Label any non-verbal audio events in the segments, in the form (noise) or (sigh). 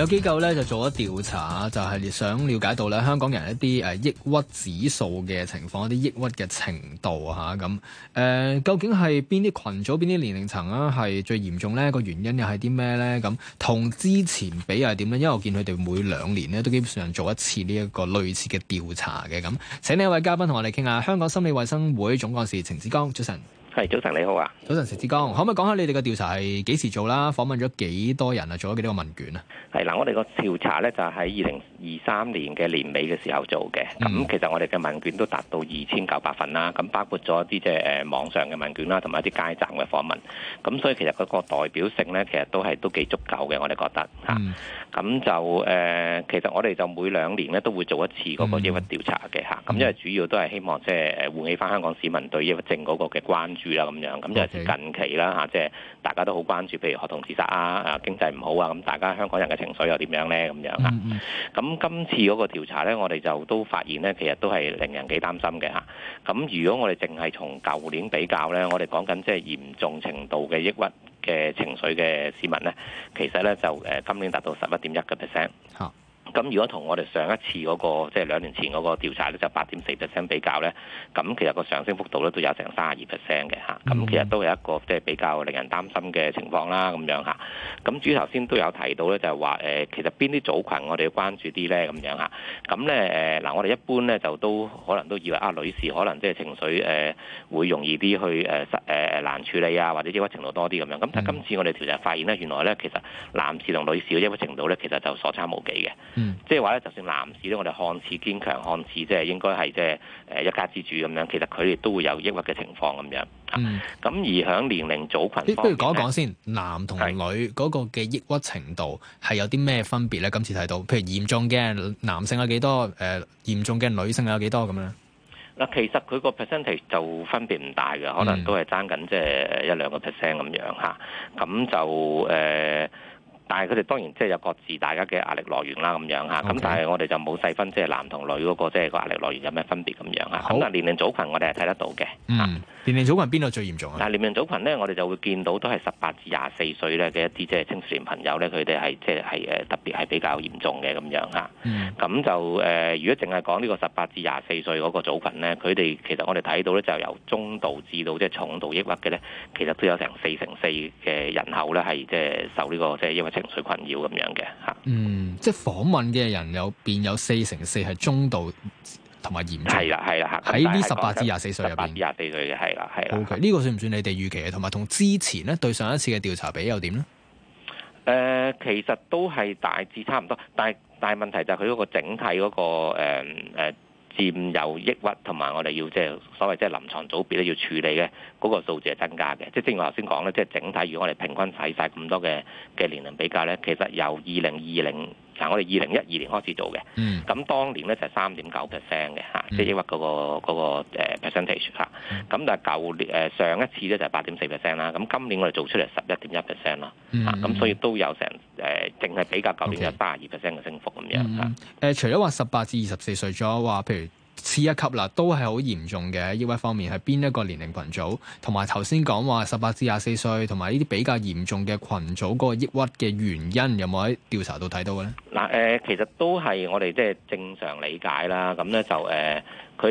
有機構咧就做咗調查，就係、是、想了解到咧香港人一啲誒、呃、抑鬱指數嘅情況，一啲抑鬱嘅程度吓咁誒，究竟係邊啲群組邊啲年齡層啊係最嚴重呢？個原因又係啲咩呢？咁、嗯、同之前比又係點呢？因為我見佢哋每兩年咧都基本上做一次呢一個類似嘅調查嘅咁、嗯，請呢一位嘉賓同我哋傾下，香港心理衛生會總幹事程志剛，早晨。係，早晨你好啊！早晨，程志剛，可唔可以講下你哋嘅調查係幾時做啦？訪問咗幾多人啊？做咗幾多個問卷啊？係嗱，我哋個調查咧就喺二零二三年嘅年尾嘅時候做嘅。咁其實我哋嘅問卷都達到二千九百份啦。咁包括咗一啲即係誒網上嘅問卷啦，同埋一啲街站嘅訪問。咁所以其實嗰個代表性咧，其實都係都幾足夠嘅。我哋覺得吓，咁、嗯、就誒、呃，其實我哋就每兩年咧都會做一次嗰個抑鬱調查嘅吓。咁、嗯、因為主要都係希望即係誒喚起翻香港市民對抑鬱症嗰個嘅關注。住啦咁樣，咁就係近期啦嚇，即係大家都好關注，譬如學童自殺啊，啊經濟唔好啊，咁大家香港人嘅情緒又點樣咧？咁樣啊，咁今次嗰個調查咧，我哋就都發現咧，其實都係令人幾擔心嘅嚇。咁如果我哋淨係從舊年比較咧，我哋講緊即係嚴重程度嘅抑鬱嘅情緒嘅市民咧，其實咧就誒今年達到十一點一個 percent。咁如果同我哋上一次嗰、那個即係、就是、兩年前嗰個調查咧，就八點四 percent 比較咧，咁其實個上升幅度咧都有成三十二 percent 嘅嚇，咁其實都係一個即係比較令人擔心嘅情況啦咁樣嚇。咁至於頭先都有提到咧，就係話誒，其實邊啲組群我哋要關注啲咧咁樣嚇。咁咧誒嗱，我哋一般咧就都可能都以為啊、呃，女士可能即係情緒誒、呃、會容易啲去誒誒、呃、難處理啊，或者抑鬱程度多啲咁樣。咁但係今次我哋調查發現咧，原來咧其實男士同女士抑鬱程度咧，其實就所差無幾嘅。即係話咧，嗯、就算男士咧，我哋看似堅強，堅強看似即係應該係即係誒一家之主咁樣，其實佢哋都會有抑鬱嘅情況咁樣。咁、嗯、而喺年齡組羣，不如講一講先，男同女嗰個嘅抑鬱程度係有啲咩分別咧？今次睇到，譬如嚴重嘅男性有幾多？誒、呃，嚴重嘅女性有幾多咁樣？嗱、嗯，其實佢個 percentage 就分別唔大嘅，可能都係爭緊即係一兩個 percent 咁樣吓。咁就誒。呃但係佢哋當然即係有各自大家嘅壓力來源啦，咁樣嚇。咁但係我哋就冇細分，即係男同女嗰個即係個壓力來源有咩分別咁樣嚇。咁但係年齡組羣我哋係睇得到嘅。嗯，年齡組羣邊個最嚴重啊？啊，年齡組羣咧，我哋就會見到都係十八至廿四歲咧嘅一啲即係青少年朋友咧，佢哋係即係係誒特別係比較嚴重嘅咁樣嚇。咁就誒，如果淨係講呢個十八至廿四歲嗰個組羣咧，佢哋其實我哋睇到咧就由中度至到即係重度抑鬱嘅咧，其實都有成四成四嘅人口咧係即係受呢個即係抑鬱。情緒困擾咁樣嘅吓，嗯，即係訪問嘅人有變有四成四係中度同埋嚴重，係啦係啦吓，喺呢十八至廿四歲入邊，十八至廿四歲嘅係啦係啦，okay，呢個算唔算你哋預期啊？同埋同之前咧對上一次嘅調查比又點咧？誒、呃，其實都係大致差唔多，但係但係問題就係佢嗰個整體嗰個誒誒。呃呃佔有抑鬱同埋我哋要，即係所謂即係臨床組別咧要處理嘅嗰個數字係增加嘅，即係正如我頭先講咧，即係整體如果我哋平均使晒咁多嘅、嘅年齡比較咧，其實由二零二零嗱，我哋二零一二年開始做嘅，咁、嗯、當年咧就係三點九 percent 嘅嚇，嗯、即係抑鬱嗰個嗰、嗰個嗰個、percentage 嚇、嗯。咁但係舊年誒上一次咧就係八點四 percent 啦。咁今年我哋做出嚟十一點一 percent 啦。嚇，咁、嗯啊、所以都有成誒淨係比較舊年有卅二 percent 嘅升幅咁樣。誒、嗯嗯呃，除咗話十八至二十四歲咗話，譬如。次一級啦，都係好嚴重嘅抑鬱方面，係邊一個年齡群組？同埋頭先講話十八至廿四歲，同埋呢啲比較嚴重嘅群組嗰個抑鬱嘅原因，有冇喺調查到睇到嘅咧？嗱，誒，其實都係我哋即係正常理解啦。咁咧就誒，佢、呃、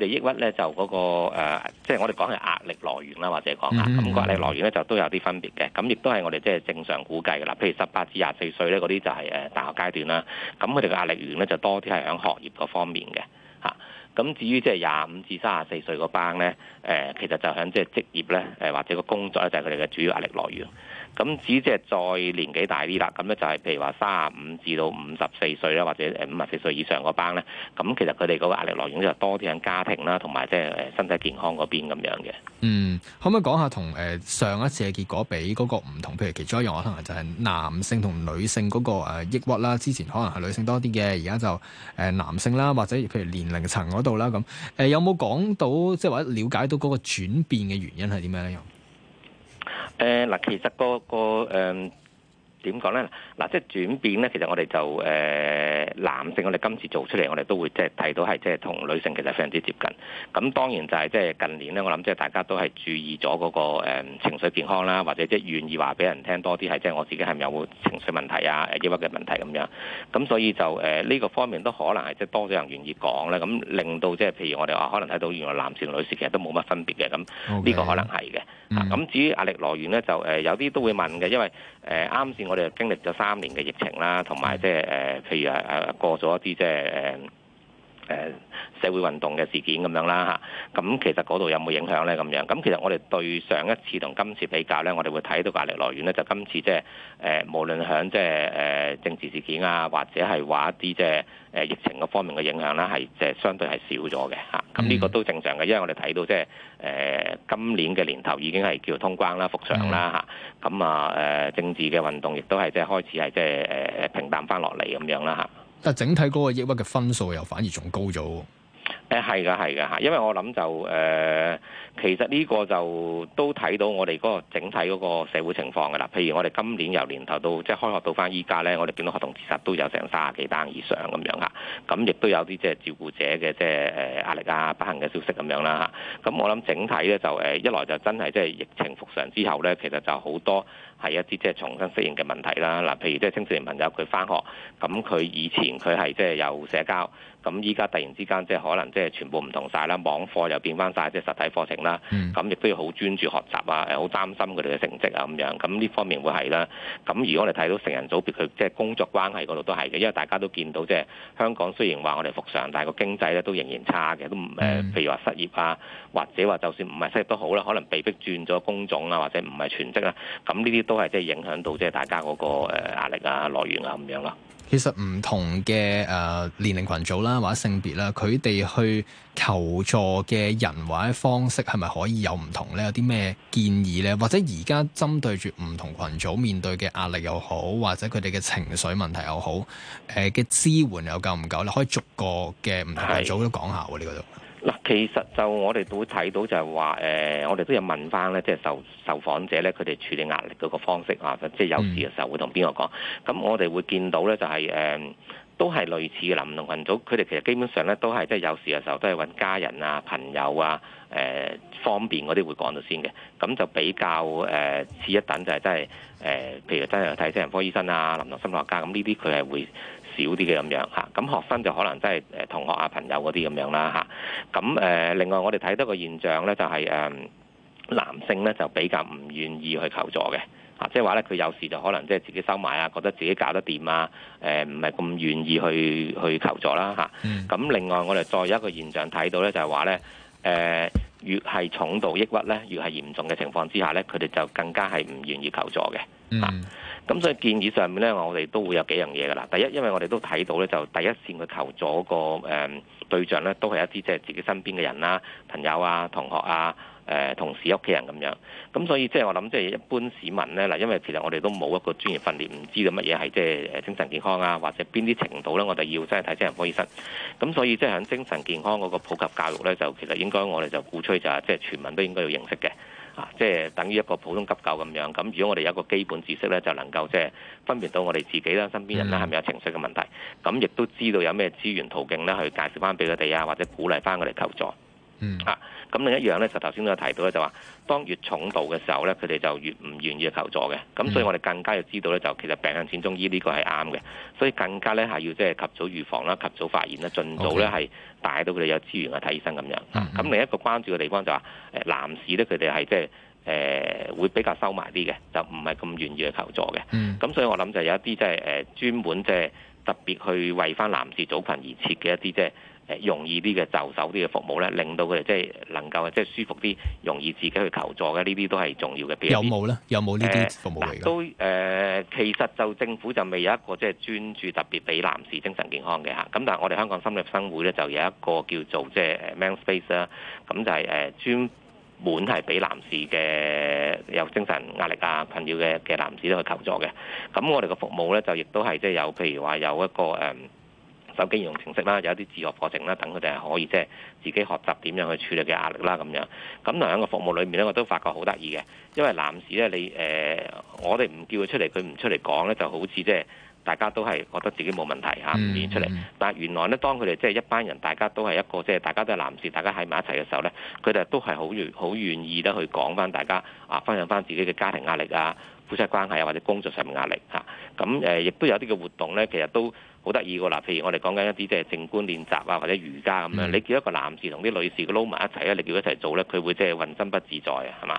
哋抑鬱咧就嗰個、呃、即係我哋講嘅壓力來源啦，或者講啊，咁、嗯嗯、壓力來源咧就都有啲分別嘅。咁亦都係我哋即係正常估計嘅啦。譬如十八至廿四歲咧，嗰啲就係誒大學階段啦。咁佢哋嘅壓力源咧就多啲係響學業嗰方面嘅嚇。咁至於即係廿五至三十四歲嗰班咧，誒其實就響即係職業咧，誒或者個工作咧，就係佢哋嘅主要壓力來源。咁只即係再年紀大啲啦，咁咧就係譬如話三十五至到五十四歲啦，或者誒五十四歲以上嗰班咧，咁其實佢哋嗰個壓力內容就多啲喺家庭啦，同埋即係誒身體健康嗰邊咁樣嘅。嗯，可唔可以講下同誒上一次嘅結果比嗰個唔同？譬如其中一樣可能就係男性同女性嗰個抑鬱啦，之前可能係女性多啲嘅，而家就誒男性啦，或者譬如年齡層嗰度啦咁。誒有冇講到即係或者了解到嗰個轉變嘅原因係點樣咧？誒，嗱，其實個個誒。 (noise) 點講咧？嗱，即係轉變咧，其實我哋就誒、呃、男性，我哋今次做出嚟，我哋都會即係睇到係即係同女性其實非常之接近。咁當然就係即係近年咧，我諗即係大家都係注意咗嗰、那個、呃、情緒健康啦，或者即係願意話俾人聽多啲，係即係我自己係咪有冇情緒問題啊、抑鬱嘅問題咁樣。咁所以就誒呢、呃這個方面都可能係即係多咗人願意講咧，咁令到即係譬如我哋話可能睇到原來男士同女士其實都冇乜分別嘅咁，呢個可能係嘅。咁 Okay.、嗯、至於壓力來源咧，就誒、呃、有啲都會問嘅，因為誒啱先我。誒經歷咗三年嘅疫情啦，同埋即係誒，譬如誒誒過咗一啲，即係誒。呃誒社會運動嘅事件咁樣啦嚇，咁其實嗰度有冇影響咧咁樣？咁其實我哋對上一次同今次比較咧，我哋會睇到壓力來源咧，就今次即係誒無論響即係誒政治事件啊，或者係話一啲即係誒疫情嘅方面嘅影響啦，係即係相對係少咗嘅嚇。咁呢、這個都正常嘅，因為我哋睇到即係誒今年嘅年頭已經係叫通關啦、復常啦嚇。咁啊誒政治嘅運動亦都係即係開始係即係誒平淡翻落嚟咁樣啦嚇。但整體嗰個抑鬱嘅分數又反而仲高咗。誒，係㗎係㗎嚇，因為我諗就誒、呃，其實呢個就都睇到我哋嗰個整體嗰個社會情況㗎啦。譬如我哋今年由年頭到即係開學到返依家咧，我哋見到學童自殺都有成三十幾單以上咁樣嚇，咁亦都有啲即係照顧者嘅即係誒壓力啊、不幸嘅消息咁樣啦嚇。咁我諗整體咧就誒、呃，一來就真係即係疫情復常之後咧，其實就好多係一啲即係重新適應嘅問題啦。嗱，譬如即係青少年朋友佢返學，咁佢以前佢係即係有社交，咁依家突然之間即係可能、就係即係全部唔同晒啦，網課又變翻晒，即係實體課程啦，咁亦都要好專注學習啊，誒好擔心佢哋嘅成績啊咁樣，咁呢方面會係啦。咁如果我哋睇到成人組別，佢即係工作關係嗰度都係嘅，因為大家都見到即係香港雖然話我哋復常，但係個經濟咧都仍然差嘅，都唔誒譬如話失業啊，或者話就算唔係失業都好啦，可能被迫轉咗工種啊，或者唔係全職啦，咁呢啲都係即係影響到即係大家嗰個誒壓力啊、來源啊咁樣咯。其實唔同嘅誒、呃、年齡群組啦，或者性別啦，佢哋去求助嘅人或者方式係咪可以有唔同呢？有啲咩建議呢？或者而家針對住唔同群組面對嘅壓力又好，或者佢哋嘅情緒問題又好，誒、呃、嘅支援又夠唔夠？你可以逐個嘅唔同群組都講下喎、啊、呢、呢個都。嗱，其實就我哋都會睇到就，就係話誒，我哋都有問翻咧，即係受受訪者咧，佢哋處理壓力嗰個方式啊，即係有事嘅時候會同邊個講？咁、嗯、我哋會見到咧，就係誒，都係類似嗱，唔同羣組，佢哋其實基本上咧都係即係有事嘅時候都係揾家人啊、朋友啊、誒方便嗰啲會講到先嘅，咁就比較誒次一等就係真係誒，譬如真係睇精神科醫生啊、臨床心理學家咁呢啲，佢係會。少啲嘅咁樣嚇，咁學生就可能真係誒同學啊，朋友嗰啲咁樣啦嚇，咁誒另外我哋睇到個現象咧，就係誒男性咧就比較唔願意去求助嘅，啊即係話咧佢有時就可能即係自己收埋啊，覺得自己搞得掂啊，誒唔係咁願意去去求助啦嚇。咁另外我哋再有一個現象睇到咧，就係話咧誒越係重度抑鬱咧，越係嚴重嘅情況之下咧，佢哋就更加係唔願意求助嘅。嗯。嗯。咁所以建議上面咧，我哋都會有幾樣嘢噶啦。第一，因為我哋都睇到咧，就第一線嘅求助嗰個誒、呃、對象咧，都係一啲即係自己身邊嘅人啦、朋友啊、同學啊、誒、呃、同事、屋企人咁樣。咁所以即係我諗，即係一般市民咧嗱，因為其實我哋都冇一個專業訓練，唔知道乜嘢係即係誒精神健康啊，或者邊啲程度咧，我哋要真係睇精神科醫生。咁所以即係喺精神健康嗰個普及教育咧，就其實應該我哋就鼓吹就係、是、即係全民都應該要認識嘅。即係等於一個普通急救咁樣。咁如果我哋有一個基本知識呢，就能夠即係分辨到我哋自己啦、身邊人啦係咪有情緒嘅問題。咁亦都知道有咩資源途徑呢去介紹翻俾佢哋啊，或者鼓勵翻佢哋求助。嗯啊，咁、嗯、另一樣咧就頭先都有提到咧，就話當越重度嘅時候咧，佢哋就越唔願意去求助嘅。咁、嗯嗯、所以我哋更加要知道咧，就其實病向淺中醫呢個係啱嘅。所以更加咧係要即係及早預防啦、及早發現啦、盡早咧係帶到佢哋有資源去睇醫生咁樣。咁另一個關注嘅地方就話、是，誒男士咧佢哋係即係誒會比較收埋啲嘅，就唔係咁願意去求助嘅。咁、嗯嗯、所以我諗就有一啲即係誒專門即係特別去為翻男士組群而設嘅一啲即係。誒容易啲嘅就手啲嘅服務咧，令到佢哋即係能夠即係舒服啲，容易自己去求助嘅，呢啲都係重要嘅。有冇咧？有冇呢啲服務嚟嘅？都誒，其實就政府就未有一個即係專注特別俾男士精神健康嘅嚇。咁但係我哋香港心理衞生會咧就有一個叫做即係誒 Men Space 啦，咁就係誒專門係俾男士嘅有精神壓力啊困擾嘅嘅男士都去求助嘅。咁我哋嘅服務咧就亦都係即係有譬如話有一個誒。手機應用程式啦，有一啲自學課程啦，等佢哋係可以即係自己學習點樣去處理嘅壓力啦，咁樣咁兩個服務裏面咧，我都發覺好得意嘅，因為男士咧你誒、呃，我哋唔叫佢出嚟，佢唔出嚟講咧，就好似即係大家都係覺得自己冇問題吓，唔、啊、願出嚟。嗯嗯、但係原來咧，當佢哋即係一班人，大家都係一個，即係大家都係男士，大家喺埋一齊嘅時候咧，佢哋都係好願好願意咧去講翻大家啊，分享翻自己嘅家庭壓力啊、夫妻關係啊，或者工作上面壓力吓，咁誒亦都有啲嘅活動咧，其實都。好得意㗎！嗱，譬如我哋講緊一啲即係靜觀練習啊，或者瑜伽咁樣，你叫一個男士同啲女士佢撈埋一齊啊，你叫佢一齊做咧，佢會即係渾身不自在啊，係嘛？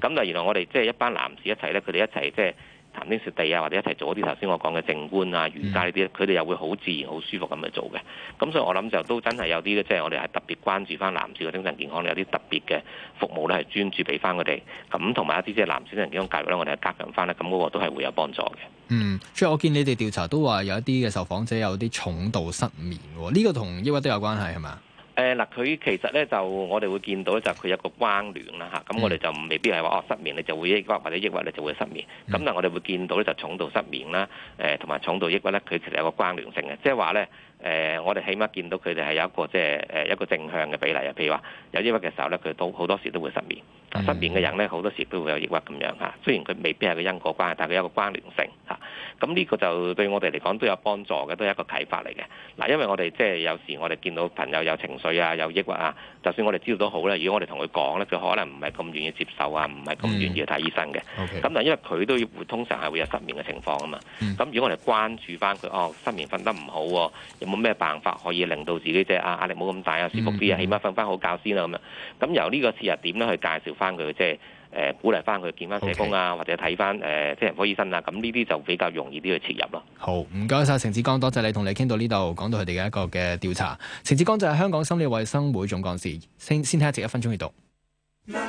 咁啊，原來我哋即係一班男士一齊咧，佢哋一齊即係。談天說地啊，或者一齊做一啲頭先我講嘅靜觀啊、瑜伽呢啲，佢哋又會好自然、好舒服咁去做嘅。咁所以，我諗就都真係有啲即係我哋係特別關注翻男士嘅精神健康有啲特別嘅服務咧，係專注俾翻佢哋。咁同埋一啲即係男性精神健康教育咧，我哋係加強翻咧，咁嗰個都係會有幫助嘅。嗯，即係我見你哋調查都話有一啲嘅受訪者有啲重度失眠，呢個同抑鬱都有關係係嘛？誒嗱，佢、呃、其實咧就我哋會見到咧，就佢有個關聯啦嚇。咁、啊、我哋就未必係話哦失眠，你就會抑鬱或者抑鬱你就會失眠。咁但我哋會見到咧，就重度失眠啦，誒同埋重度抑鬱咧，佢其實有個關聯性嘅，即係話咧誒，我哋起碼見到佢哋係有一個即係誒一個正向嘅比例啊。譬如話有抑鬱嘅時候咧，佢都好多時都會失眠。嗯嗯、失眠嘅人咧，好多時都會有抑鬱咁樣嚇。雖然佢未必係個因果關係，但係佢有個關聯性嚇。咁、啊、呢個就對我哋嚟講都有幫助嘅，都係一個啟發嚟嘅。嗱、啊，因為我哋即係有時我哋見到朋友有情緒啊，有抑鬱啊，就算我哋知道都好啦。如果我哋同佢講咧，佢可能唔係咁願意接受啊，唔係咁願意去睇醫生嘅。咁、嗯 okay，但因為佢都會通常係會有失眠嘅情況啊嘛。咁如果我哋關注翻佢，哦、啊，失眠瞓得唔好、啊，有冇咩辦法可以令到自己即啊，啊壓力冇咁大啊，舒服啲啊，起碼瞓翻好覺先啦咁樣。咁、嗯嗯嗯嗯、由呢個切入點咧去介紹。嗯翻佢即係誒鼓勵翻佢見翻社工啊，或者睇翻誒即係眼科醫生啊，咁呢啲就比較容易啲去切入咯。好 Okay.，唔該晒，程志剛，多謝你同你哋傾到呢度，講到佢哋嘅一個嘅調查。程志剛就係香港心理衛生會總幹事，先先聽一隻一分鐘去讀。 (noise) (noise) (noise) (noise) (noise) (noise)